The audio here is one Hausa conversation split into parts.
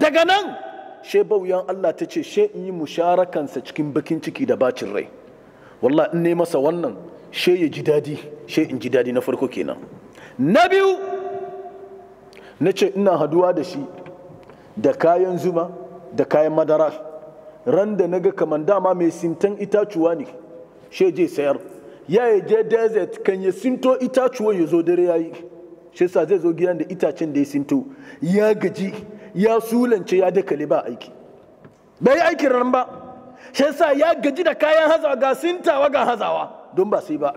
daga nan she bauyan Allah ta ce she in yi musharakansa cikin bakin ciki da bacin rai walla in ne masa wannan she ya ji dadi she in ji dadi na farko kenan na biyu na ce ina haduwa da shi da kayan zuma da kayan madara ran da na ga kaman dama mai sintan itacuwa ne she je sayar ya je desert kan ya sinto itacuwa ya zo dare ya yi shi sa zai zo gidan da itacen da ya sinto ya gaji ya sulance ya dakale ba aiki bai aikin ran ba shi ya gaji da kayan hazawa ga sintawa ga hazawa don ba sai ba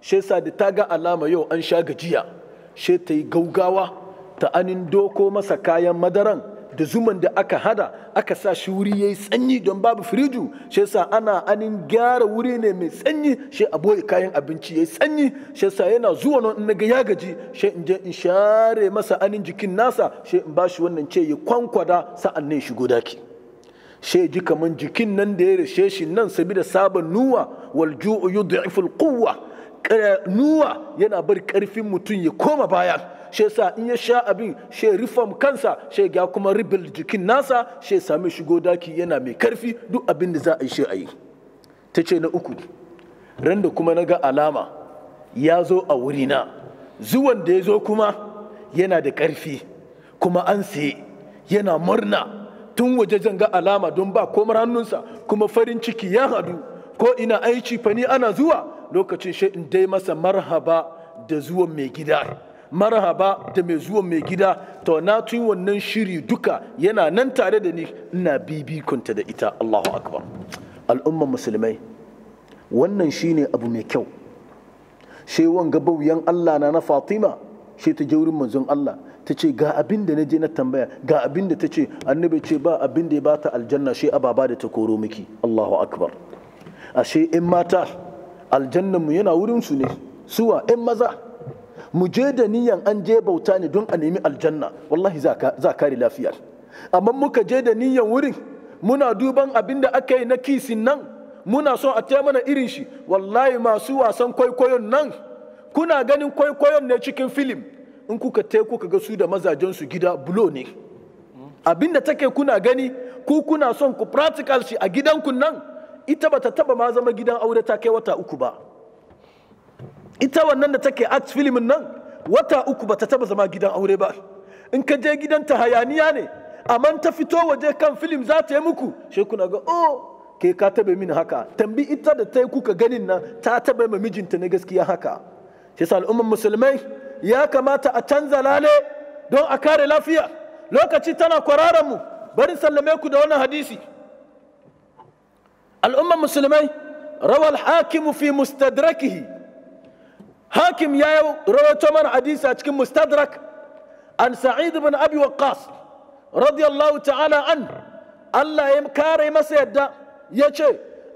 shi sa da ta ga alama yau an sha gajiya shi ta yi gaugawa ta anin doko masa kayan madaran da zuman da aka hada aka sa shi wuri yayi tsanyi don babu firiju shi yasa ana anin gyara wuri ne mai tsanyi shi a boye kayan abinci yayi tsanyi shi yasa yana zuwa nan in ga ya gaji shi in je in share masa anin jikin nasa shi in bashi wannan ce ya kwankwada sa'an ne shigo daki shi ji kaman jikin nan da ya rashe shi nan sabida saban nuwa wal ju'u quwwa nuwa yana bar karfin mutum ya koma baya shi yasa in ya sha abin shi reform kansa shi ya kuma rebuild jikin nasa shi sami shigo daki yana mai karfi duk abin da za a yi shi a yi ta ce na uku ran da kuma na ga alama ya zo a wurina zuwan da ya zo kuma yana da karfi kuma an saye yana murna tun waje zan ga alama don ba komar hannunsa kuma farin ciki ya hadu ko ina aici fani ana zuwa lokacin shi in dai masa marhaba da zuwan mai gida marhaba da mai zuwa mai gida to na tun wannan shiri duka yana nan tare da ni ina bibikunta da ita Allahu akbar al'umman musulmai wannan shine abu mai kyau sai wanga yan Allah na na Fatima sai ta je wurin manzon Allah ta ce ga abin da na je na tambaya ga abin da ta ce annabi ce ba abin da ya bata aljanna shi ababa da ta koro miki Allahu akbar ashe in mata aljannan mu yana wurin su ne suwa in maza mu je da niyan an je bauta ne don a nemi aljanna wallahi za kare lafiyar amma muka je da niyan wurin muna duban abin da aka yi na kisin nan muna son a ce mana irin shi wallahi masu wasan kwaikwayon nan kuna ganin kwaikwayon ne cikin filim in kuka te kuka ga su da mazajen su gida bulo ne abin da take kuna gani ku kuna son ku practical shi a gidanku nan ita bata taba ma zama gidan aure ta kai wata uku ba ita wannan da take art filimin nan wata uku bata taba zama gidan aure ba in ka je gidan ta hayaniya ne amma ta fito waje kan filim za ta yi muku shi kuna ga oh ke ka taba min haka tambi ita da ta yi kuka ganin nan ta taba ma mijinta na gaskiya haka shi sa al'umman musulmai ya kamata a canza lale don a kare lafiya lokaci tana kwararan mu bari sallame ku da wannan hadisi al'umman musulmai rawal hakimu fi mustadrakihi hakim ya rawaito mana hadisi a cikin mustadrak an sa'id ibn abi waqqas radiyallahu ta'ala an Allah ya kare masa yadda ya ce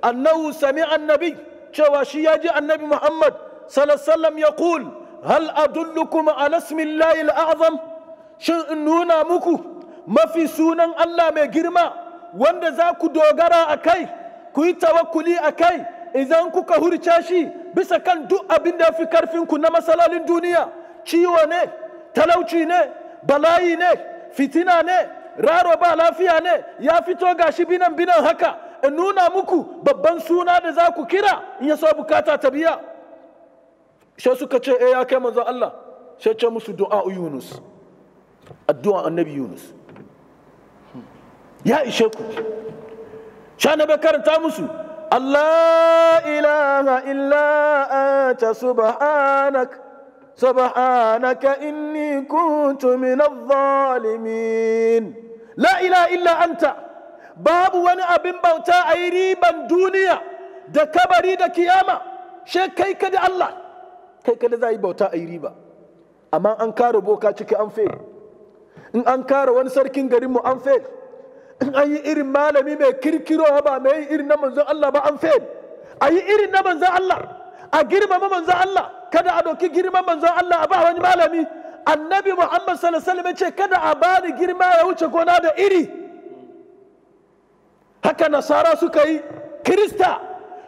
annahu sami annabi cewa shi ya ji annabi Muhammad sallallahu ya kul hal adullukum ala ismillahi al'azam shin in nuna muku mafi sunan Allah mai girma wanda za ku dogara a kai ku yi tawakkuli a kai idan kuka hurce shi bisa kan duk abin da ya fi ku na matsalolin duniya ciwo ne talauci ne bala'i ne fitina ne raro ba lafiya ne ya fito ga shi binan binan haka in nuna muku babban suna da za ku kira in ya so bukata ta biya shi suka ce eh ya kai manzo Allah sai ce musu du'a Yunus addu'a annabi Yunus ya ishe ku sha na karanta musu الله إله إلا أنت سبحانك سبحانك إني كنت من الظالمين لا إله إلا أنت باب وانا أبن بوتا أيريبا دنيا دا كبري دا كياما شيء كي كد الله كي كد زي بوتا أيريبا أما أنكار بوكا تكي أنفير أنكار وانسر كنغريمو أنفير in an yi irin malami mai kirkirowa ba mai irin na manzon Allah ba an fail a yi irin na manzon Allah a girmama manzon Allah kada a doki girman manzon Allah a ba wani malami annabi Muhammad sallallahu alaihi wasallam ce kada a ba ni girma ya wuce gona da iri haka nasara suka yi kirista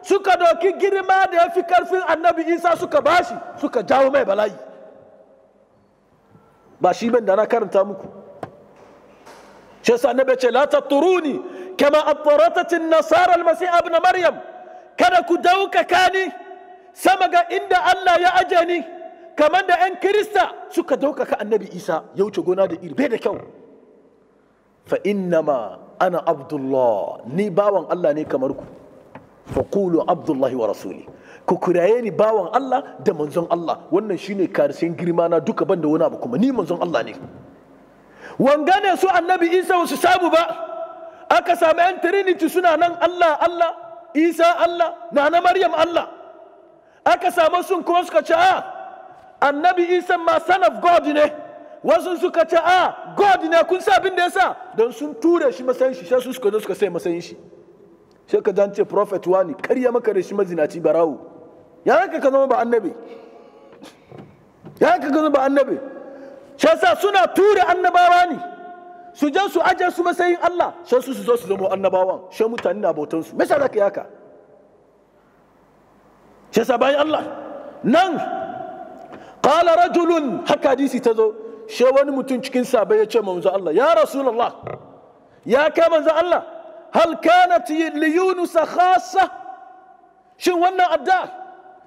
suka doki girma da ya fi karfin annabi isa suka bashi suka jawo mai bala'i ba shi da na karanta muku shi yasa annabi ce la tatruni kama atratat an-nasara al-masih ibn maryam kada ku daukaka ni sama ga inda Allah ya aje ni kamar da 'yan kirista suka daukaka annabi isa ya wuce gona da iri bai da kyau fa innama ana abdullah ni bawan Allah ne kamar ku fa qulu abdullahi wa rasuli ku kuraye ni bawan Allah da manzon Allah wannan shine karshen girma na duka banda wani abu kuma ni manzon Allah ne wangane su annabi isa wasu su samu ba aka samu yan trinity suna nan allah allah isa allah na na maryam allah aka samu sun kuma suka ce a ah, annabi isa ma son of god ne wasu suka ce a ah, god ne kun sa abin da ya sa don sun ture shi masayin shi sai su suka zo suka sai masayin shi sai ka ce prophet wani karya maka da shi mazinaci barawo ya ka zama ba annabi ya ka zama ba annabi shi yasa suna tura annabawa ne su je su aje su matsayin Allah shi su su zo su zama annabawan shi mutane na bautan su me yasa zaka yi shi yasa bayan Allah nan qala rajulun haka hadisi ta zo shi wani mutum cikin sabai ya ce manzo Allah ya rasulullah ya kai manzo Allah hal kanat li yunus khassa shin wannan adda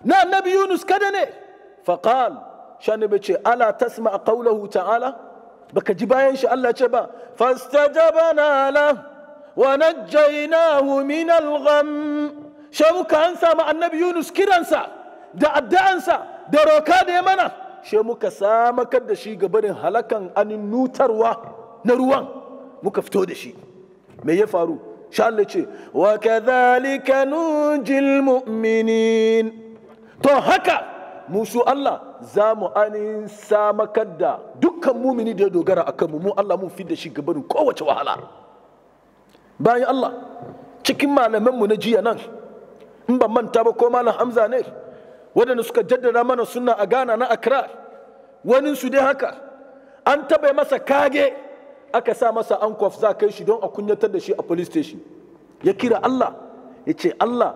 na annabi yunus kada ne faqala Shani bai ce ala tasma qawlahu ta'ala baka ji bayan shi Allah ce ba na ala wa najjaynahu min al-gham shemuka an ma annabi Yunus kiransa da addu'ansa da roka da ya mana she muka samakar da shi gabanin halakan nutarwa na ruwan muka fito da shi me ya faru sha ce wa kadhalika nunjil mu'minin to haka mu su Allah za mu anin samakar da dukkan mumini da ya dogara kan mu mu Allah mun fi da shi gabanin kowace wahala bayan Allah cikin malaman mu na jiya nan in ban manta ba ko malam Hamza ne waɗanda suka jaddada mana sunna a gana na Accra wani su dai haka an taɓa masa kage aka sa masa ankof za kai shi don a kunyatar da shi a police station ya kira Allah ya ce Allah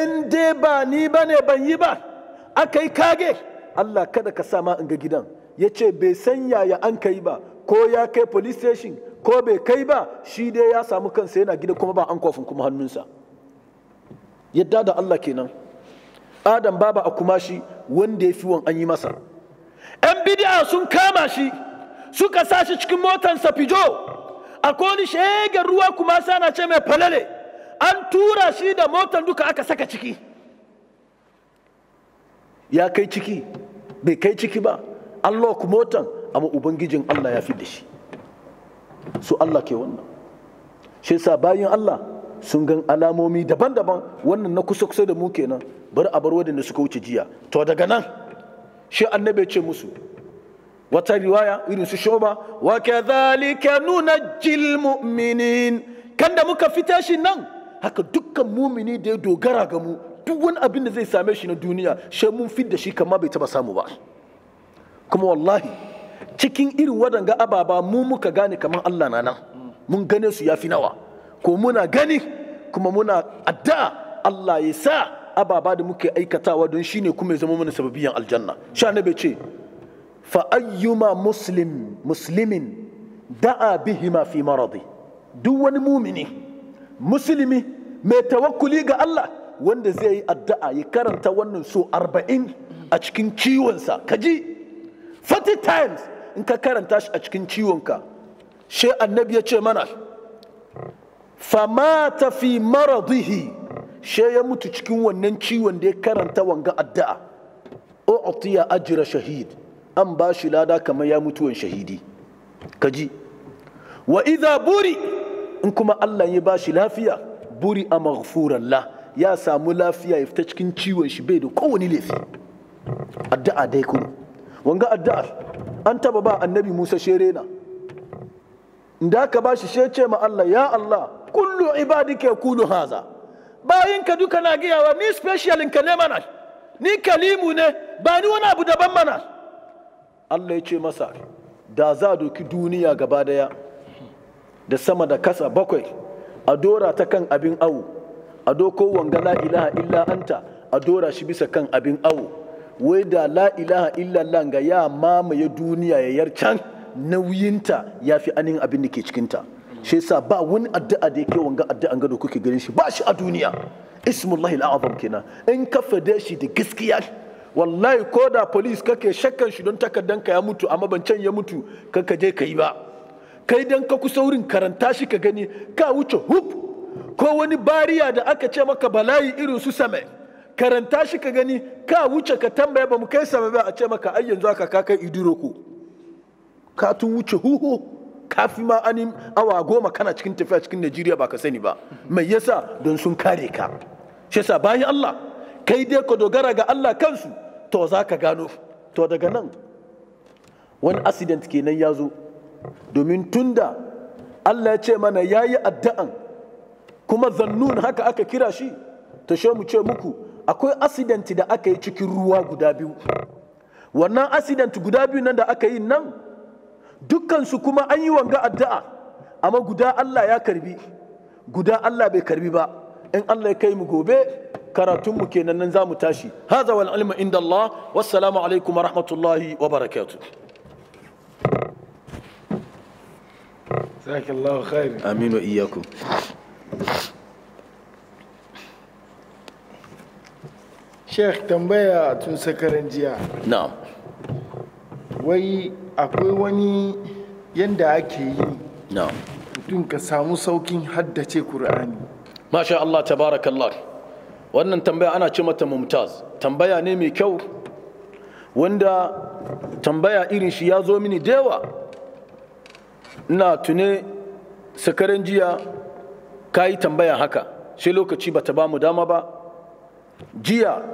in dai ba ni bane ban yi ba aka yi kage Allah kada ka sa ma in ga gidan ya ce bai san yaya an kai ba ko ya kai police station ko bai kai ba shi dai ya samu kansa yana gida kuma ba an kofin kuma hannunsa yadda da Allah kenan adam baba a kuma shi wanda ya fi wan an yi masa yan bidiya sun kama shi suka sa shi cikin motansa fijo a koni shegen ruwa kuma sana ce mai falale an tura shi da motan duka aka saka ciki ya kai ciki bai kai ciki ba Allah ku motan amma ubangijin Allah ya fi da shi su Allah ke wannan shi sa bayan Allah sun gan alamomi daban-daban wannan na kusa kusa da mu kenan bar a bar wadanda suka wuce jiya to daga nan shi annabi ce musu wata riwaya irin su shoba wa kadhalika nunajjil mu'minin kan da muka fita shi nan haka dukkan mumini da ya dogara ga mu duk wani abin da zai same shi na duniya shi mun fi da shi kama bai taba samu ba kuma wallahi cikin irin waɗanga ababa mu muka gane kamar Allah na nan mun gane su ya fi nawa ko muna gani kuma muna adda Allah ya sa ababa da muke aikatawa don shine kuma ya zama mana sababiyan aljanna sha na bai ce fa ayyuma muslim muslimin da'a bihima fi maradi duk wani mumini musulmi mai tawakkuli ga Allah wanda zai yi addu'a ya karanta wannan so arba'in a cikin ciwonsa ka ji 40 times in ka karanta shi a cikin ciwonka she annabi ya ce mana famata fi maradihi she ya mutu cikin wannan ciwon da ya karanta wanga addu'a o atiya ajira shahid an ba shi lada kamar ya mutuwan shahidi ka ji wa idha buri in kuma Allah ya ba shi lafiya buri a maghfurallah ya samu lafiya ya fita cikin ciwon shi bai da kowane laifi addu'a dai kuma wanga addu'a an taba ba annabi Musa sherena inda ka shi she ce ma Allah ya Allah kullu ibadika yaqulu haza ka duka na giyawa ni special ka ne mana ni kalimu ne ba ni wani abu daban mana Allah ya ce masa da za doki duniya gaba daya da sama da kasa bakwai a dora ta kan abin awu ado doko wanga la ilaha illa anta a dora shi bisa kan abin awo wai da la ilaha illa langa ya mamaye duniya ya yarcan nauyinta ya fi anin abin da ke cikinta shi yasa ba wani addu'a da yake wanga addu'an gado kuke ganin shi ba shi a duniya ismullahi al'azam kenan in ka fade shi da gaskiya wallahi ko da police kake shakkan shi don ka ya mutu amma ban can ya mutu kaka je ka yi ba kai dan ka kusa wurin karanta shi ka gani ka wuce hup ko wani bariya da aka ce maka bala'i irin su same karanta shi ka gani ka wuce ka tambaya ba mu kai same ba a ce maka ai yanzu aka ka kai iduro ko ka tun wuce huhu kafi ma anin awa goma kana cikin tafiya cikin Najeriya ba ka sani ba mai yasa don sun kare ka shi yasa bayan Allah kai dai ka dogara ga Allah kansu to za ka gano to daga nan wani accident kenan ya zo domin tunda Allah ya ce mana ya yi addu'an kuma zannun haka aka kira shi ta she mu ce muku akwai accident da aka yi cikin ruwa guda biyu wannan accident guda biyu nan da aka yi nan dukkansu kuma an yi wanga addu'a amma guda Allah ya karbi guda Allah bai karbi ba in Allah ya kai mu gobe karatunmu kenan nan za mu tashi haza wal ilmu inda Allah wassalamu alaikum wa rahmatullahi wa جزاك الله خير امين واياكم sheikh tambaya tun sakaran jiya na'am wai akwai wani yadda ake yi na'am mutum ka samu saukin haddace Kur'ani. masha Allah tabarakallah wannan tambaya ana ce mata mumtaz tambaya ne mai kyau wanda tambaya irin shi ya zo mini dewa ina tune sakaran jiya ka yi tambaya haka sai lokaci ba ta ba mu dama ba jiya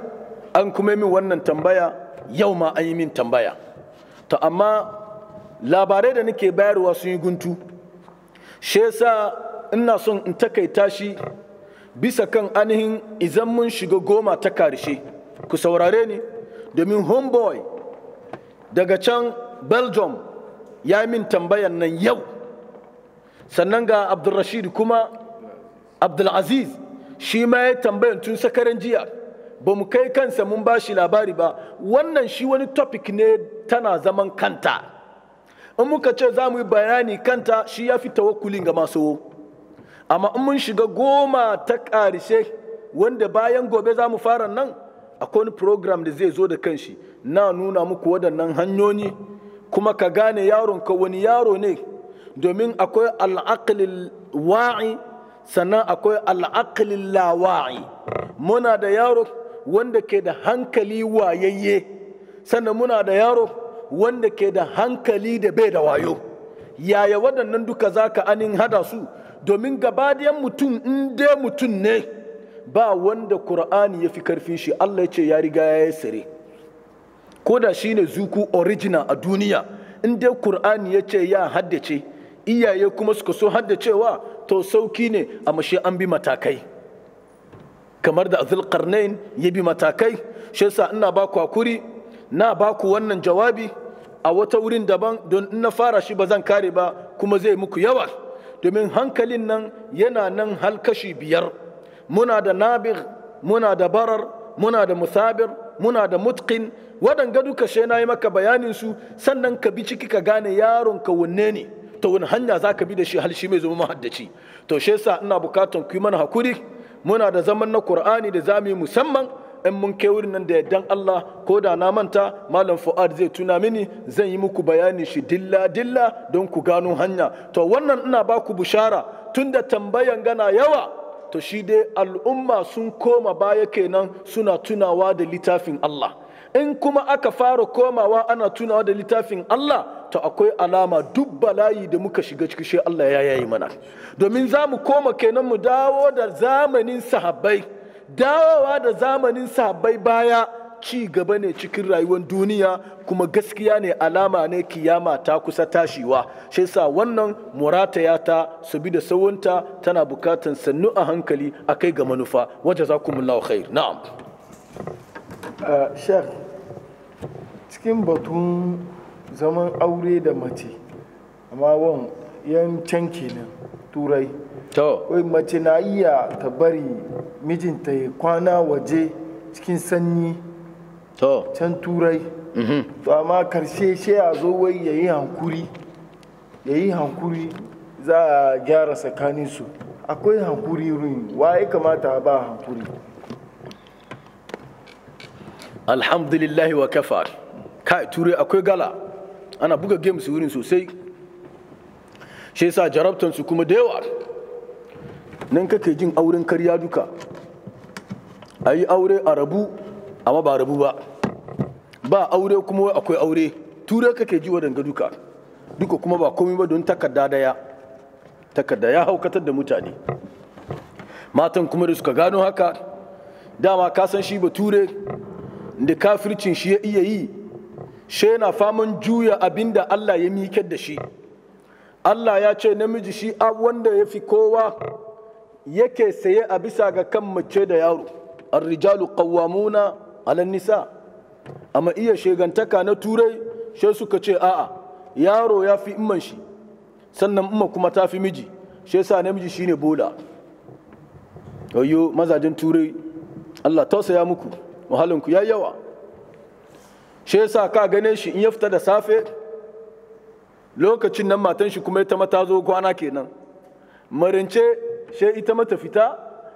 an kuma min wannan tambaya yau ma an yi min tambaya ta amma labarai da nake bayarwa sun yi guntu shi yasa ina son in takaita shi bisa kan ainihin izan mun shiga goma ta karshe ku saurare ni domin homeboy daga can belgium ya yi min tambayan nan yau sannan ga abdulrashid kuma abdulaziz shi ma ya tambayan tun sakaran jiya ba mu kai kansa mun ba shi labari ba wannan shi wani topic ne tana zaman kanta in muka ce za mu yi bayani kanta shi ya fi tawakulin ga masu amma in mun shiga goma ta ƙarshe wanda bayan gobe za mu fara nan akwai wani program da zai zo da kanshi na nuna muku waɗannan hanyoyi kuma ka gane yaron ka wani yaro ne domin akwai al'aqlil wa'i sannan akwai al'akalin lawa'i muna da yaro wanda ke da hankali wayayye sannan muna da yaro wanda ke da hankali da bai da wayo yaya waɗannan duka za ka anin hada su domin gaba gabadiyan mutum in mutum ne ba wanda ƙur'ani ya fi karfin shi allah ya ce ya riga ya yi sare ko da shi ne zuku original a duniya in dai ƙur'ani ya ce ya haddace iyaye kuma suka so haddacewa to sauki ne a mashi an bi matakai kamar da karnain ya bi matakai shi yasa ina ba ku hakuri na ba ku wannan jawabi a wata wurin daban don in na fara shi ba zan kare ba kuma zai muku yawa domin hankalin nan yana nan halkashi biyar muna da nabir muna da barar muna da musabir muna da mutkin waɗanga duka shi na yi maka bayanin su sannan ka bi ciki ka gane yaron ka wanne ne ta wani hanya za ka bi da shi hal shi mai zama mahaddaci to shi yasa ina bukatan ku mana hakuri muna da zaman na qur'ani da zamu yi musamman in mun kai wurin nan da yaddan Allah ko da na manta malam Fuad zai tuna mini zan yi muku bayani shi dilla dilla don ku gano hanya to wannan ina ba ku bushara tunda tambayan gana yawa to shi dai al'umma sun koma baya kenan suna tunawa da littafin Allah in kuma aka fara komawa ana tunawa da littafin Allah to akwai alama duk bala'i da muka shiga ciki shi Allah ya yayi mana domin za mu koma kenan mu dawo da zamanin sahabbai dawowa da zamanin sahabbai baya ci gaba ne cikin rayuwar duniya kuma gaskiya ne alama ne kiyama ta kusa tashiwa shi sa wannan ya ta su bi da sawunta tana bukatan sannu a hankali a kai ga manufa wajen za ku mulla khair na'am eh, cikin batun zaman aure da mace amma wan yan can kenan turai to wai mace na iya ta bari mijinta ya kwana waje cikin sanyi to can turai mm-hmm. to amma karshe shi ya zo wai yayi hankuri yayi hankuri za a gyara tsakaninsu akwai hankuri ruin wa ya kamata ba hankuri alhamdulillahi wa kafa kai turai akwai gala ana buga games wurin sosai shi yasa jarabtansu kuma da yawa nan kake jin auren karya duka a yi aure a rabu amma ba rabu ba ba aure kuma akwai aure turai kake ji waɗanda duka duka kuma ba komai ba don takarda daya takarda ya haukatar da mutane matan kuma da suka gano haka dama ka san shi bature da kafircin shi ya iya yi she na faman juya abinda Allah ya miƙe da shi Allah ya ce namiji shi a wanda ya fi kowa yake saye a bisa ga kan mace da yaro arrijalu qawwamuna ala nisa amma iya shegantaka na turai she suka ce a'a yaro ya fi imman shi sannan imma kuma ta fi miji shi sa namiji shi ne bola Ayyo mazajin turai Allah tausaya muku wahalinku yayi yawa shi yasa ka gane shi in ya fita da safe lokacin nan matan shi kuma ita mata zo kwana kenan marince she ita mata fita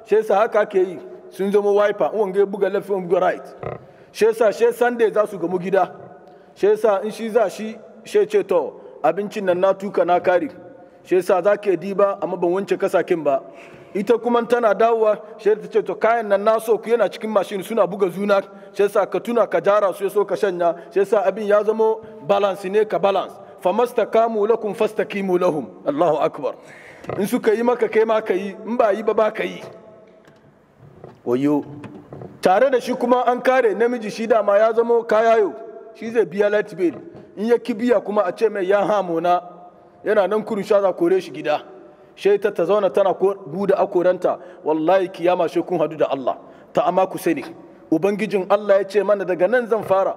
she yasa haka ke yi sun zama wiper in wanga buga left buga right she yasa she sunday za su gamu gida she yasa in shi za shi she ce to abincin nan na tuka na kari she yasa za ke diba amma ban wance kasakin ba ita kuma tana dawowa sai ta ce to kayan nan na so ku yana cikin mashin suna buga juna shi sa ka tuna ka jara su ya so ka shanya shi sa abin ya zamo balance ne ka balance famastakamu lakum fastakimu lahum Allahu akbar in suka yi maka kai ma ka yi in ba yi ba ba ka yi wayo tare da shi kuma an kare namiji shi dama ya zamo kayayo shi zai biya light bill in ya kibiya kuma a ce mai ya hamona yana nan kurun sha za kore shi gida shaita ta zauna tana guda akoranta wallahi kiyama shi kun hadu da Allah ta amma ku sani ubangijin Allah ya ce mana daga nan zan fara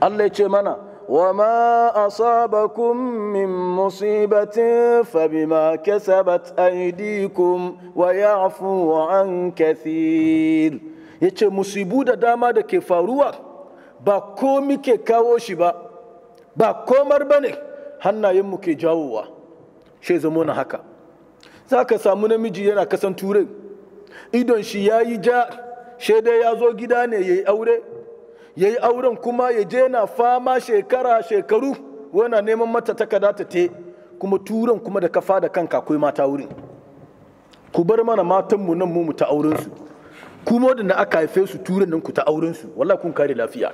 Allah ya ce mana وما أصابكم من مصيبة فبما كسبت أيديكم ويعفو عن كثير yace musibu da dama da ke faruwa ba komi ke kawo shi ba ba komar ba ne hannayenmu ke jawowa shi zama na haka za ka samu namiji yana kasan turai idon shi ya yi ja shaidai ya zo gida ne ya yi aure ya yi auren kuma ya je na fama shekara shekaru wana neman mata takarda ta te kuma turan kuma da kafa da kanka akwai mata wurin ku bar mana matanmu nan mu ta aurensu kuma da aka haife su turan nan ku ta aurensu wallahi kun kare lafiya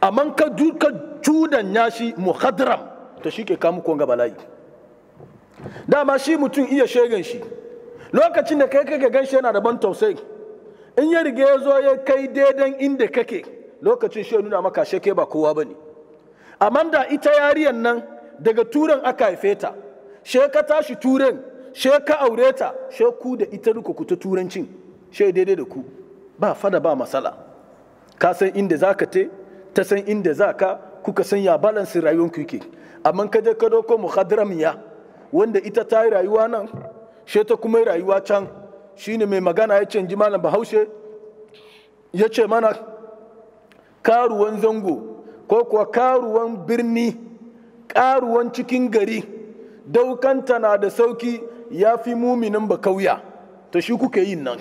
amma ka duka cudan yashi muhadram ta shi ke kamu ga bala'i dama shi mutum iya shegan shi lokacin da kai kake ganshi yana da ban tausayi in ya riga ya zo ya kai daidan inda kake lokacin shi nuna maka sheke ba kowa ba bane amma da ita yariyan nan daga turan aka haife ta she ka tashi turan she ka aure ta she ku da ita duka ku ta turancin she daidai da ku ba fada ba masala ka san inda zaka te ta san inda zaka kuka san ya balansin rayuwar ku yake amma ka je ka doko muhadramiya wanda ita ta yi rayuwa nan she ta kuma yi rayuwa can Shi ne mai magana ya canji malam bahaushe ya ce mana karuwan zango ko kuwa karuwan birni karuwan cikin gari daukanta na da sauki ya fi muminin ba kauya ta shi kuke yin nan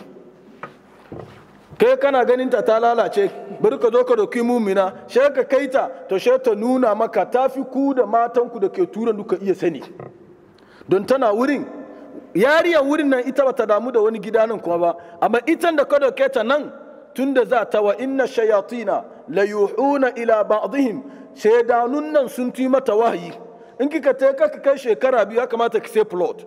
kai kana ganin ta ta lalace bari ka zo ka doki mumina she ka kai ta to ta nuna maka ta fi ku da matanku da ke turan duka iya sani don tana wurin yariya wurin nan ita bata damu da wani gida nan kuma ba amma ita da ka dauke ta nan tunda za ta wa inna shayatina la yuhuna ila ba'dihim shaidanun nan sun ti mata wahayi in kika ta kaka kai shekara biyu ya kamata ki sai plot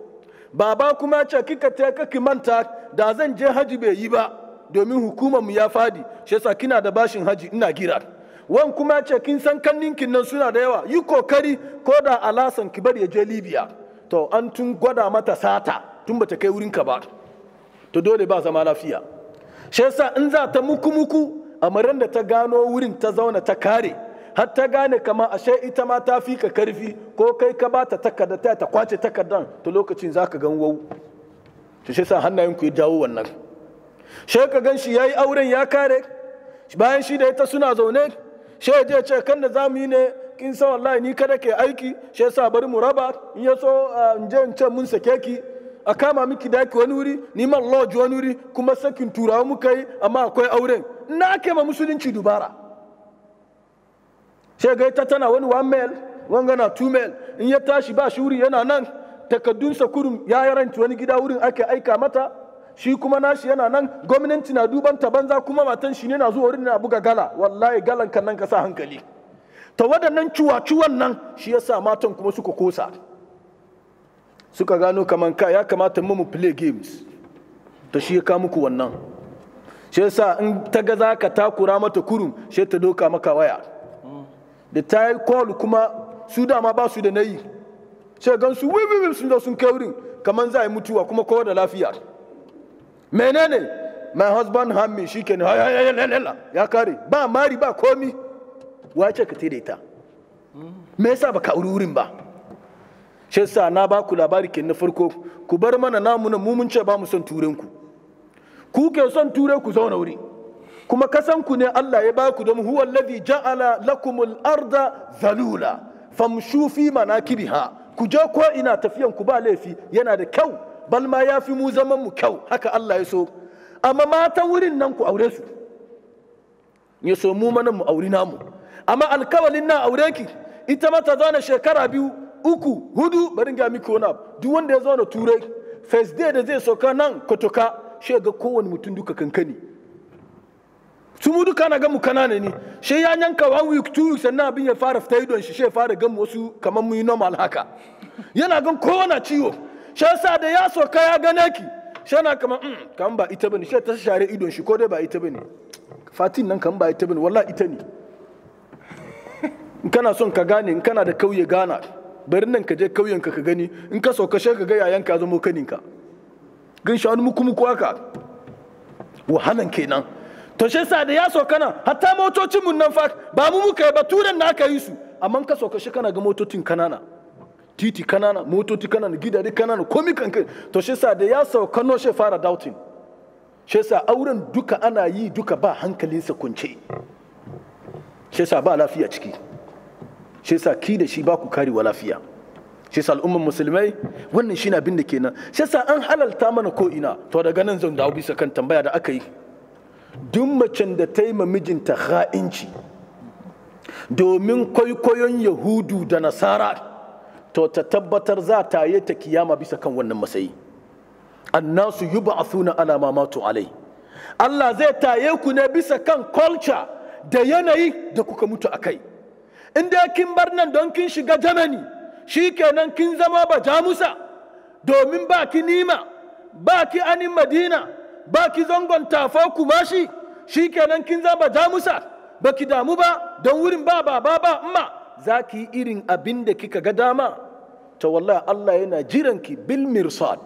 baba kuma ce kika ta kaka ki manta da zan je haji bai yi ba domin hukumar mu ya fadi shi yasa kina da bashin haji ina gira wan kuma ce kin san kanninkin nan suna da yawa yi kokari ko da alasan ki bari ya je libiya. to an tun gwada mata sata tun bata kai wurinka ba to dole ba zama lafiya shi yasa in za ta muku muku a maran da ta gano wurin ta zauna ta kare har ta gane kama ashe ita ma ta fi ka karfi ko kai ka ba ta takarda ta ta kwace takardan to lokacin za ka gan wau to shi yasa hannayen ku ya dawo wannan shi ka gan shi yayi auren ya kare bayan shi da ita suna zaune shi ya je ce kan da zamu yi ne kin san wallahi ni kada ke aiki shi yasa bari mu raba in ya so in in ce mun sake ki a kama miki daki wani wuri ni man lodge wani wuri kuma sakin turawa muka yi amma akwai auren na ke ma musulunci dubara shi ga ita tana wani one mail wanga na two mail in ya tashi ba shi wuri yana nan takaddunsa kurum ya yaranci wani gida wurin ake aika mata shi kuma nashi yana nan gwamnati na duban ta banza kuma matan shi ne na zuwa wurin na buga gala wallahi galan kan nan ka sa hankali ta waɗannan cuwa-cuwan nan shi ya sa matan kuma suka kosa suka gano kamar ka ya kamata mu mu play games ta shi ya ka muku wannan shi ya sa in ta ga za ka takura mata kurum shi ta doka maka waya da ta yi call kuma su dama ba su da nayi shi ya su wiwiwi sun zo sun kai wurin kamar za a yi mutuwa kuma kowa da lafiya menene my husband hammy shi ke ya kare ba mari ba komi wace ka da ita me yasa baka auri wurin ba shi yasa na ba ku labari ke na farko ku bar mana namu na mu mun ce ba mu son turen ku ku ke son ture ku zauna wuri kuma kasan ku ne Allah ya baku ku don huwa alladhi ja'ala lakumul arda zalula famshu fi manakibiha ku je ko ina tafiyan ku ba laifi yana da kyau balma ya fi mu zaman mu kyau haka Allah ya so amma matan wurin nan ku aure su ya so mu mana mu auri namu amma alkawalin na ki ita ma ta zauna shekara biyu uku hudu bari ga miki wani abu duk wanda ya zauna turai first day da zai sauka nan kotoka shi ga kowane mutum duka kankani su mu duka na gamu kanana ne shi ya yanka one week two weeks sannan abin ya fara fita idon shi shi ya fara gamu wasu kamar mu yi normal haka yana gan kowane ciwo shi yasa da ya sauka ya gane ki shi yana kamar mm, kamar ba ita bane shi ta share idon shi ko dai ba ita bane fatin nan kamar ba ita bane wallahi ita ne in kana son ka gane in kana da kauye gana bari nan ka je kauyen ka ka gani in ka sauka shi ka ga yayan ka zama kanin ka gan shi wani muku muku haka wahalan kenan to shi sa da ya sauka nan hatta motocin mun nan fa ba mu muka yi ba turan na aka yi su amma ka sauka shi kana ga motocin kanana titi kanana motoci kanana gidaje kanana komi kan kai to shi sa da ya sauka no shi fara doubting shi sa auren duka ana yi duka ba hankalinsa kunce shi sa ba lafiya ciki shi yasa ki da shi ba ku wa lafiya shi yasa al'ummar musulmai wannan shi na abin da kenan shi yasa an halalta mana ko ina to daga nan zan dawo bisa kan tambaya da aka yi duk macen da ta yi ma mijinta ha'inci domin kwaikwayon yahudu da nasara to ta tabbatar za ta yi ta kiyama bisa kan wannan matsayi annasu Yuba a ala ma matu alai Allah zai taye ku ne bisa kan culture da yanayi da kuka mutu a kai in dai kin bar nan don kin shiga jamani shi kenan kin zama ba jamusa domin ba ki nima ba ki anin madina ba ki zangon tafa kumashi shi kenan kin zama ba jamusa ba ki damu ba don wurin ba ba ba ba amma za ki yi irin abin da kika ga dama ta wallahi Allah yana jiranki bil mirsad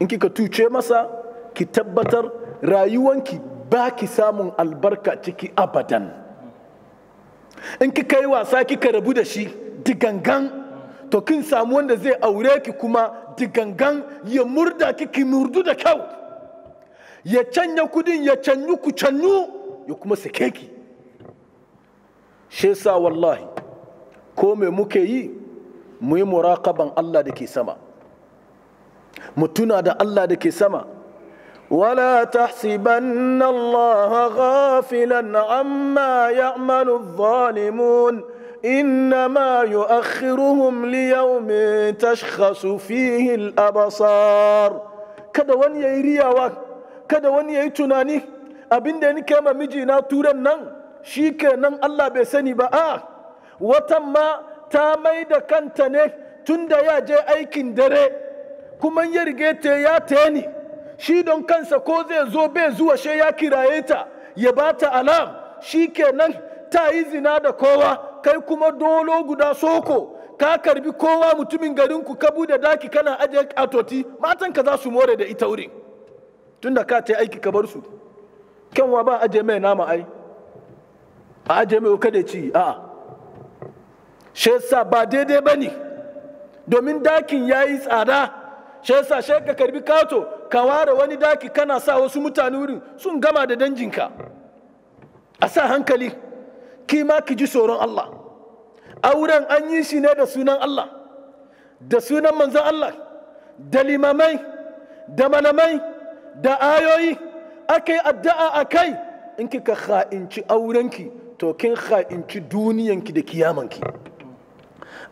in kika tuce masa ki tabbatar rayuwanki ba ki samun albarka ciki abadan in kika yi wasa kika rabu da shi digangan to kin samu wanda zai aure ki kuma digangan ya murda kiki murdu da kyau ya canya kudin ya canyu ku canyu ya kuma sake ki shi sa wallahi ko me muke yi mu yi muraƙaban Allah da ke sama mu tuna da Allah da ke sama ولا تحسبن الله غافلا عما يعمل الظالمون إنما يؤخرهم ليوم تشخص فيه الأبصار kada wani ya yi riyawa kada wani ya yi tunani abinda ya nike ma mijina turan nan shi kenan Allah bai sani ba a watan ma ta mai da kanta ne tun da ya je aikin dare kuma ya rige ta ya ta ni shi don kansa ko zai zo bai zuwa shi ya kiraye ta ya ba ta alam shi kenan ta yi zina da kowa kai kuma dolo guda soko ka karbi kowa mutumin garinku ka bude daki kana ajiye atoti matan ka za su more da ita wurin tunda ka ta aiki ka bar su kyanwa ba aje mai nama ai a aje mai da ci a'a shi yasa ba daidai ba ne domin dakin ya yi tsada shi yasa shi ka karbi kato ka ware wani daki kana sa wasu mutane wurin sun gama da danjinka a sa hankali ki ma ki ji tsoron Allah auren an yi shi ne da sunan Allah da sunan manzan Allah da limamai da malamai da ayoyi aka yi addu'a a kai in kika kha'inci aurenki to kin kha'inci duniyanki da kiyamanki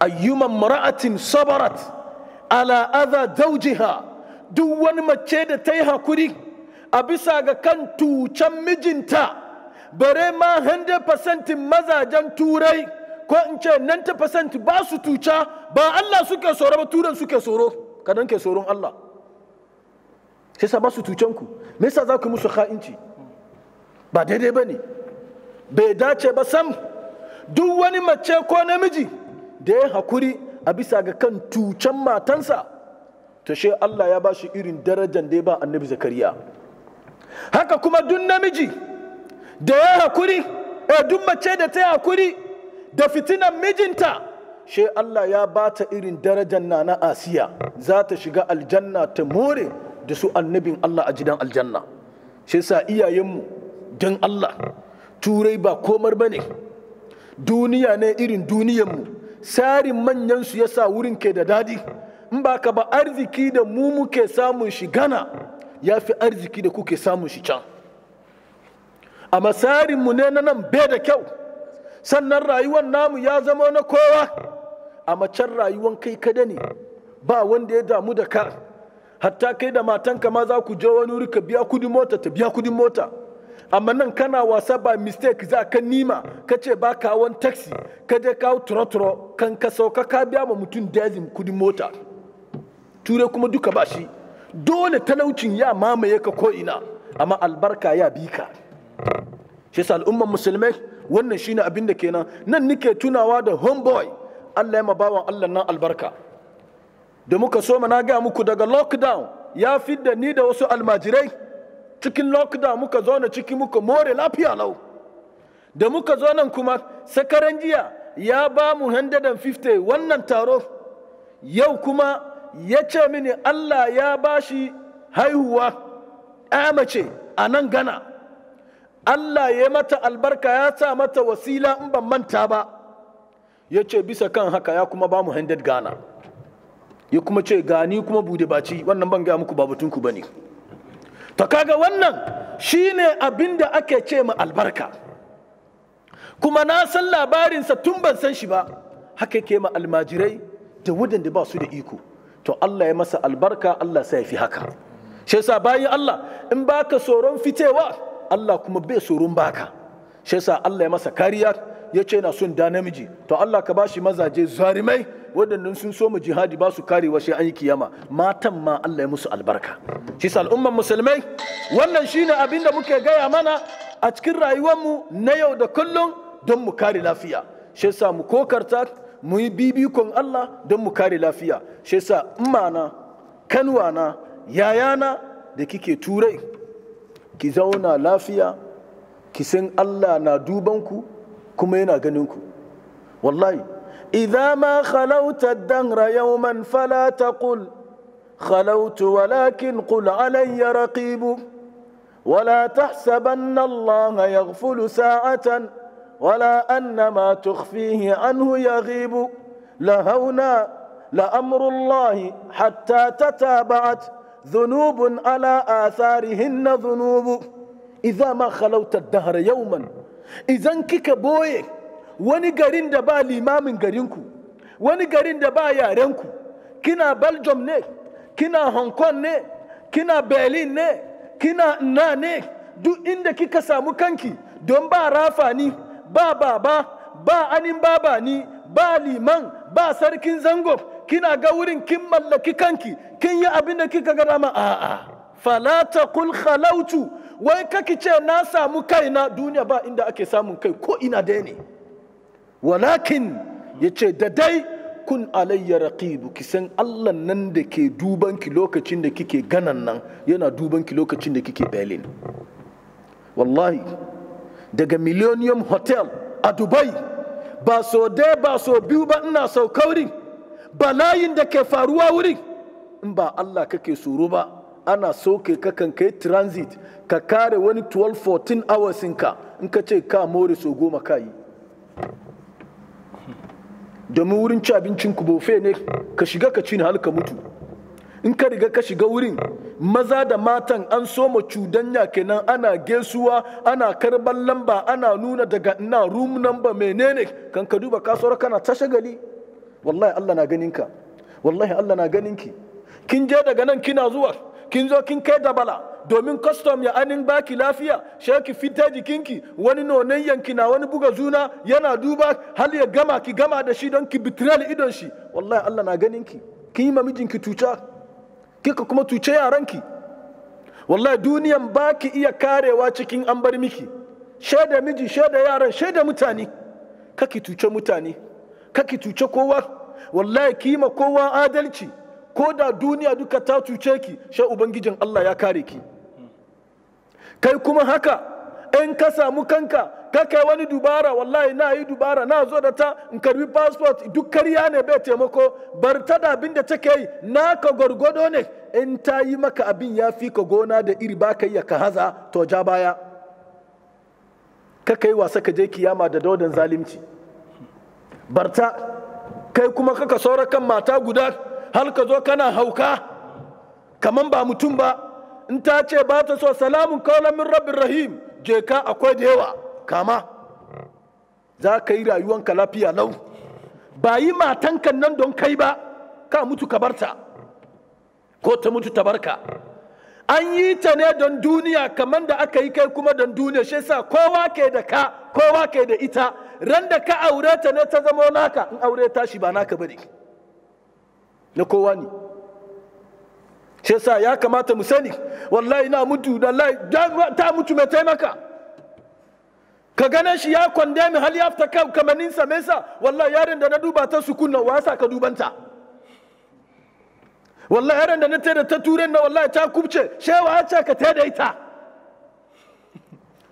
ayyuman mara'atin sabarat ala adha zawjiha duk wani mace da ta yi hakuri a bisa ga kan tucen mijinta bare ma 100% mazajen turai ko in ce 90% ba su tuca ba Allah suke tsoro ba turan suke tsoro kadan ke tsoron Allah sai sa ba su tucen ku me yasa za ku musu ha'inci ba daidai ba ne bai dace ba sam duk wani mace ko namiji da ya hakuri a bisa ga kan tucen matansa ta she Allah ya ba shi irin darajar da ya ba annabi zakariya haka kuma duk namiji da ya hakuri eh duk mace da ta hakuri da fitinan mijinta she Allah ya ba ta irin darajar na asiya za ta shiga aljanna ta more da su annabin Allah a gidan aljanna shi sa iyayenmu don Allah turai ba komar ba ne duniya ne irin duniyanmu tsarin manyansu ya sa wurin ke da dadi in ba ka ba arziki da mu muke samun shi gana ya fi arziki da kuke samun shi can a masarinmu ne na nan bai da kyau sannan rayuwar namu ya zama na kowa a macen rayuwar kai kada ne ba wanda ya damu da ka hatta kai da matan ma za ku je wani wuri ka biya kudin mota ta biya kudin mota amma nan kana wasa ba mistake za ka nima ka ce ba kawon taxi ka je kawo turo-turo kan ka sauka ka biya ma mutum dazin kudin mota Ture kuma duka ba shi dole talaucin ya mamaye ka ko'ina amma albarka ya bi ka shi sa al'umman musulmai wannan shine abin da kenan nan nike tunawa da homeboy Allah ya ma Allah nan albarka da muka so na ga muku daga lockdown ya fi da ni da wasu almajirai cikin lockdown muka zo na ciki muka more lafiya lau da muka zo nan kuma sakaran jiya ya ba mu 150 wannan taro yau kuma ya ce mini Allah ya bashi haihuwa ya mace a nan gana Allah ya mata albarka ya sa mata wasila in ban manta ba ya ce bisa kan haka ya kuma ba mu handed gana ya kuma ce gani kuma bude baci wannan ban gaya muku babatunku ba ne ta kaga wannan shine abin da ake ce ma albarka kuma na san labarinsa tun ban san shi ba haka ke ma almajirai da wadanda ba su da iko to Allah ya masa albarka Allah sai ya fi haka shi yasa bayan Allah in baka tsoron fitewa Allah kuma bai tsoron baka shi yasa Allah ya masa kariya ya ce na son da namiji to Allah ka bashi mazaje zarimai waɗannan sun so mu jihadi ba su karewa sai an yi kiyama matan ma Allah ya musu albarka shi al'umman musulmai wannan shine abin da muke gaya mana a cikin rayuwarmu na yau da kullum don mu kare lafiya shi sa mu kokarta mu yi bibikon Allah don mu kare lafiya shi yasa na kanwana yayana da kike turai ki zauna lafiya ki san Allah na duban ku kuma yana ganin ku wallahi idza ma khalawta ad-danra yawman fala taqul خلوت ولكن قل علي رقيب ولا تحسبن الله يغفل ساعه ولا أن ما تخفيه عنه يغيب لهونا لأمر الله حتى تتابعت ذنوب على آثارهن ذنوب إذا ما خلوت الدهر يوما إذا كيك بوي wani garin da ba limamin garinku wani garin da ba yarenku kina belgium ne kina hong kong ne kina berlin ne kina na ne duk inda kika samu kanki don ba rafa ni ba baba ba anin baba ni ba liman ba sarkin zango kina ga wurin kin mallaki kanki kin yi abin da kika ga dama a'a fala taqul khalautu wai kake ce na samu kai na duniya ba inda ake samun kai ko ina da ne walakin yace da dai kun alayya raqibu ki san Allah nan da ke duban ki lokacin da kike ganan nan yana duban ki lokacin da kike belin wallahi daga millennium hotel a dubai ba so dai ba so biyu ba ina saukaurin layin da ke faruwa wurin in ba allah kake tsoro ba ana soke ka kan kai transit ka kare wani 12-14 hours ka in ka ce ka more so goma ka yi domin wurin ci abincin ku bofe ne ka shiga ka ci ni ka mutu in ka riga ka shiga wurin maza da matan an soma cudanya kenan ana gesuwa ana karban lamba ana nuna daga ina room number menene kan ka duba kasuwar kana ta shagali wallahi Allah na ganin ka wallahi Allah na ganin ki kin je daga nan kina zuwa kin zo kin kai da bala domin custom ya anin baki lafiya sheki fita jikinki wani nonon yanki na wani buga zuna yana duba hal ya gama ki gama da shi don ki bitrail idon shi wallahi Allah na ganin ki kin yi mamijinki tuca kika kuma tuce yaranki wallahi duniyan baki iya karewa cikin an bar miki shaida miji shaida yaran shaida mutane kaki tuce mutane kaki tuce kowa wallahi kima kowa adalci ko da duniya duka ta cuce ki sai ubangijin Allah ya kare ki kai kuma haka in ka samu kanka kakai wani dubara wallahi na yi dubara na zo da ta in karbi passport duk kariya ne bai taimako bar ta da abin da take yi naka gwargwado ne in ta yi maka abin ya fi ka gona da iri ba ka yi ka haza to ja baya kakai wasa ka je kiyama da daudan zalimci barta kai kuma kaka saura kan mata guda har ka zo kana hauka kaman ba mutum ba in ta ce ba ta so salamun kaulamin rabin rahim je ka akwai da yawa kama za ka yi rayuwanka lafiya lau ba yi matankan nan don kai ba ka mutu ka barta ko ta mutu ta barka an yi ta ne don duniya kamar da aka yi kai kuma don duniya shi sa kowa ke da ka kowa ke da ita ran da ka aure ta ne ta zama naka in aure ta shi ba naka bane na kowa ne shi sa ya kamata mu sani wallahi na mutu wallahi ta mutu mai taimaka ka ganin shi ya kwande kwandemi hal ya fita kamaninsa mesa wallahi yaron da na duba ta sukun na wasa ka dubanta wallahi yaron da na tada ta turen na wallahi ta kubce shewa ya ce ka tada ita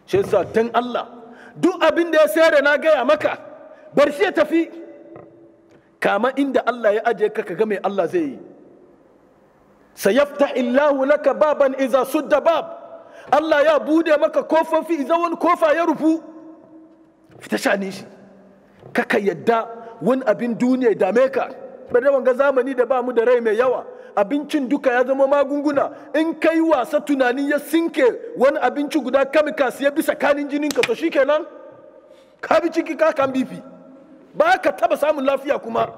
shi yasa dan Allah duk abin da ya sayar na gaya maka bar shi ya tafi kama inda Allah ya aje ka ka ga mai Allah zai yi sayaftah illahu laka baban iza sudda bab Allah ya bude maka kofofi idan wani kofa ya rufu fita shani shi kaka yadda wani abin duniya ya dame ka bari wanga zamani da ba mu da rai mai yawa abincin duka ya zama magunguna in kai wasa tunanin ya sinke wani abinci guda kamikas ya bisa kanin jinin ka. to shikenan ka bi ciki ka kan bifi ba ka taba samun lafiya kuma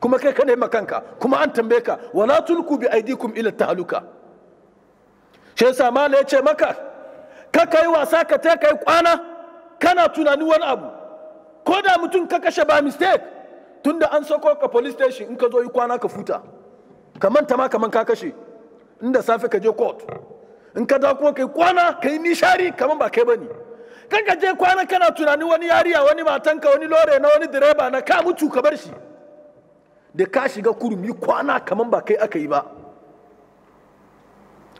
kuma kai ka nema kanka kuma an tambaye ka wala tulku bi aidikum ila taluka shi yasa mala ce maka ka kai wasa ka ta kai kwana kana tunanin wani abu ko da mutum ka kashe ba mistake tun da an sako ka police station in ka zo yi kwana ka futa ka manta ma kaman ka kashe inda safe ka je court in ka dawo kuma kai kwana ka yi nishari kaman ba kai bane kan ka je kwana kana tunanin wani yariya wani matanka wani lore na wani direba na ka mutu ka bar shi da ka shiga kurum yi kwana kaman ba kai aka yi ba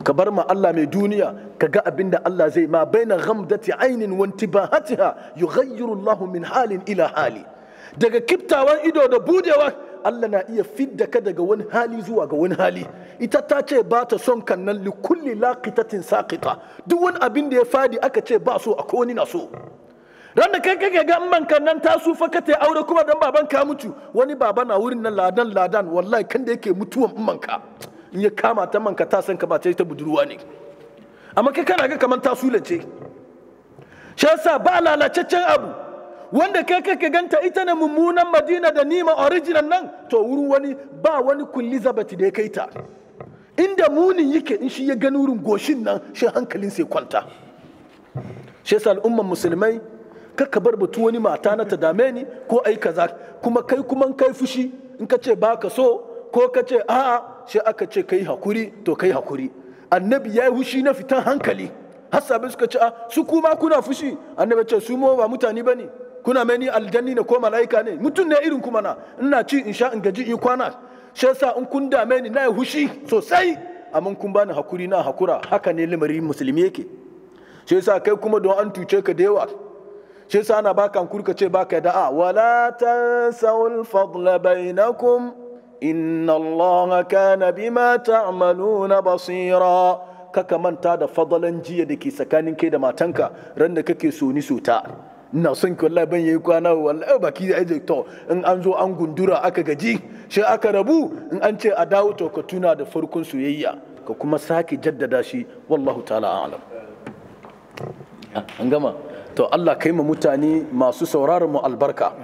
ka bar ma Allah mai duniya ka ga abin da Allah zai ma baina ghamdati ainin wa intibahatiha yughayyiru Allah min halin ila hali daga kiftawan ido da budewa Allah na iya fidda ka daga wani hali zuwa ga wani hali ita ta ce ba ta son kannan li kulli laqitatin saqita duk wani abin da ya fadi aka ce ba so akwai wani na so ran da kai kake ga man kannan ta su faka ta aure kuma dan baban ka mutu wani baba na wurin nan ladan ladan wallahi kan da yake mutuwan manka in ya kama ta manka ta san ka ba ta ta budurwa ne amma kai kana ga kamar ta sulace. shi yasa ba lalacaccen abu wanda kai kake ganta ita ne mummunan madina da nima original nan to wurin wani ba wani kulli zabati da ya kai ta inda munin yake in shi ya gani wurin goshin nan shi hankalin sai kwanta shi yasa al'umman musulmai kaka bar batu wani mata na ta dame ni ko ai kaza kuma kai kuma kai fushi in ka ce ba ka so ko ka ce a'a sai aka ce kai hakuri to kai hakuri annabi ya yi hushi na fitan hankali har bai suka ce ah, su kuma kuna fushi annabi ce su ba mutane ba bane kuna mai ni aljanni ne ko mala'ika ne mutum ne irin kuma na ina ci in sha in gaji in kwana shi yasa in kun dame ni na yi hushi sosai amma kun bani hakuri na hakura haka ne limarin musulmi yake shi yasa kai kuma don an tuce ka da yawa shi yasa ana baka kurka ce baka da'a ah, wala tansawul fadla bainakum inna allaha mata, bima ta'maluna basira kaka manta da fadalan jiya da ke tsakanin kai da matanka ran da kake so ni so ina son ki wallahi ban yayi kwana wallahi baki da aje to in an zo an gundura aka gaji shi aka rabu in an ce a dawo to ka tuna da farkon soyayya ka kuma sake jaddada shi wallahu ta'ala a'lam ah, an gama to Allah kai mu mutane masu sauraron mu albarka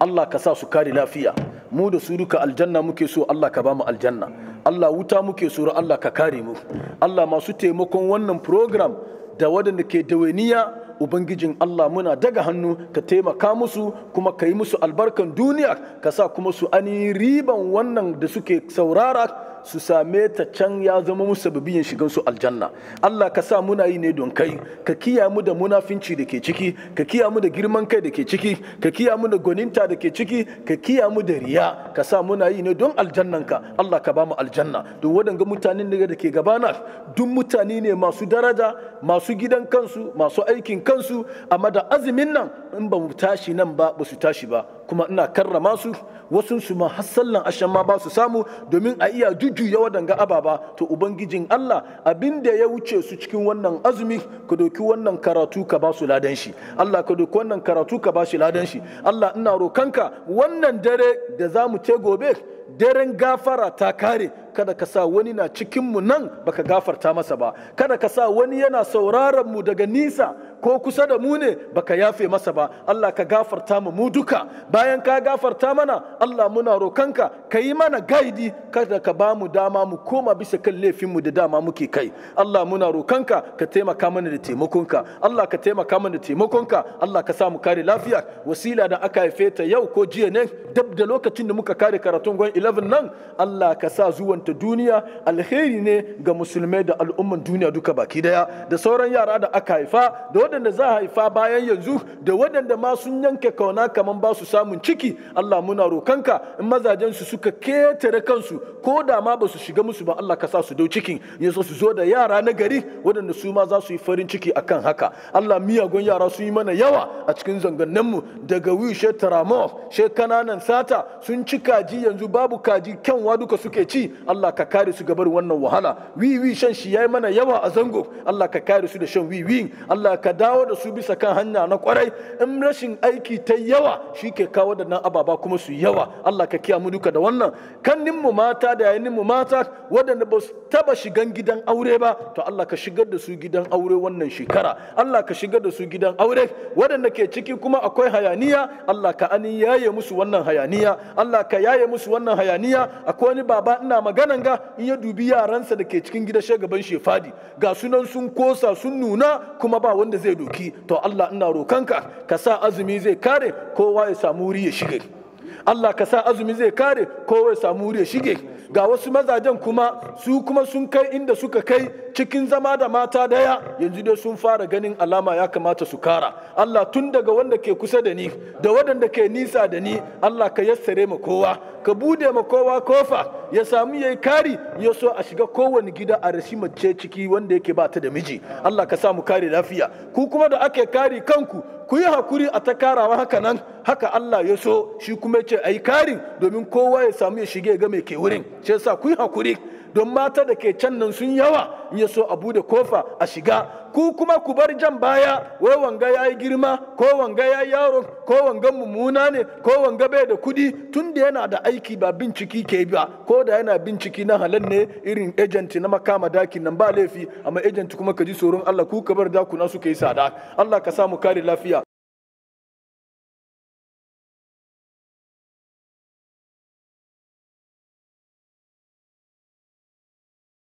Allah ka sa su kare lafiya mu da su duka aljanna muke so Allah ka ba mu aljanna Allah wuta muke so Allah ka kare mu Allah masu taimakon wannan program da waɗanda ke dawainiya ubangijin Allah muna daga hannu ka taimaka musu kuma ka yi musu albarkan duniya ka sa kuma su ani riban wannan da suke saurara su same ta can ya zama musu sababiyin shigan su aljanna Allah ka sa muna yi ne don kai ka kiya mu da munafinci da ke ciki ka kiya mu da girman kai da ke ciki ka kiya mu da goninta da ke ciki ka kiya mu da riya ka sa muna yi ne don aljannanka Allah ka ba mu aljanna don waɗanga mutanen da ke gabana duk mutane ne masu daraja masu gidan kansu masu aikin kansu amma da azumin nan in ba mu tashi nan ba ba su tashi ba kuma ina karrama su wasu su ma har ashan ma ba su samu domin a iya jujjuya wadanga ababa to ubangijin Allah abin da ya wuce su cikin wannan azumi ka doki wannan karatu ka ba su ladan shi Allah ka doki wannan karatu ka ba shi ladan shi Allah ina rokanka wannan dare da za mu ce gobe daren gafara ta kare kada ka sa wani na cikin mu nan baka gafarta masa ba kada ka sa wani yana sauraron mu daga nisa ko kusa da mu ne baka yafe masa ba Allah ka gafarta mu mu duka bayan ka gafarta mana Allah muna rokan ka yi mana gaidi kada ka ba mu dama mu koma bisa kan laifin mu da dama muke kai Allah muna rokan ka taimaka mana da taimakonka Allah ka taimaka mana da ka. Allah ka sa mu kare lafiya wasila da aka haife ta yau ko jiya ne dab da lokacin da muka kare karatun gwan 11 nan Allah ka sa zuwanta duniya alheri ne ga musulmai da al'umman duniya duka baki daya da sauran yara da aka haifa da waɗanda za a haifa bayan yanzu da waɗanda ma sun yanke kauna kamar ba su samun ciki Allah muna rokanka in mazajen su suka ketare kansu ko da ma ba su shiga musu ba Allah ka sa su dau cikin yanzu su zo da yara na gari waɗanda su ma za su yi farin ciki akan haka Allah miyagun yara sun yi mana yawa a cikin zanganninmu daga wiyu she taramo she kananan sata sun ci kaji yanzu babu kaji kyanwa duka suke ci Allah ka kare su gabar wannan wahala wiwi shan shi yayi mana yawa a zango Allah ka kare su da shan wiwi Allah ka dawo da su bisa kan hanya na kwarai in rashin aiki ta yawa shi ke kawo da nan ababa kuma su yawa Allah ka kiya mu duka da wannan kan mu mata da yayin mu mata waɗanda ba su taba shigan gidan aure ba to Allah ka shigar da su gidan aure wannan shekara Allah ka shigar da su gidan aure waɗanda ke ciki kuma akwai hayaniya Allah ka ani yaye musu wannan hayaniya Allah ka yaye musu wannan hayaniya akwai wani baba ina maganan ga in ya dubi yaransa da ke cikin gidan shagaban shefadi ga sunan sun kosa sun nuna kuma ba wanda zai zai doki to Allah ina rokanka ka sa azumi zai kare kowa ya samu wuri ya shigari Allah ka sa azumi zai kare kowa samu wuri shige ga wasu mazajen kuma su kuma sun kai inda suka kai cikin zama da mata daya yanzu dai sun fara ganin alama ya kamata su kara Allah tun daga wanda ke kusa da ni da waɗanda ke nisa da ni Allah ka yassare ma kowa ka bude ma kowa kofa ya samu yayi kari ya so a shiga kowane gida a rashi mace ciki wanda yake ba ta da miji Allah ka sa mu kare lafiya ku kuma da ake kare kanku ku yi hakuri a ta karawa haka nan haka Allah ya so shi kuma ce ce ai karin domin kowa ya samu ya shige ga mai ke wurin shi yasa ku yi hakuri don mata da ke can nan sun yawa in ya so a bude kofa a shiga ku kuma ku bar jan baya wai wanga ya yi girma ko wanga ya yi yaro ko wanga mummuna ne ko wanga bai da kudi tun da yana da aiki ba binciki ke ba ko da yana binciki na halal ne irin agent na makama dakin nan ba laifi amma agent kuma ka ji tsoron Allah ku ka bar dakuna suka yi sada Allah ka samu kare lafiya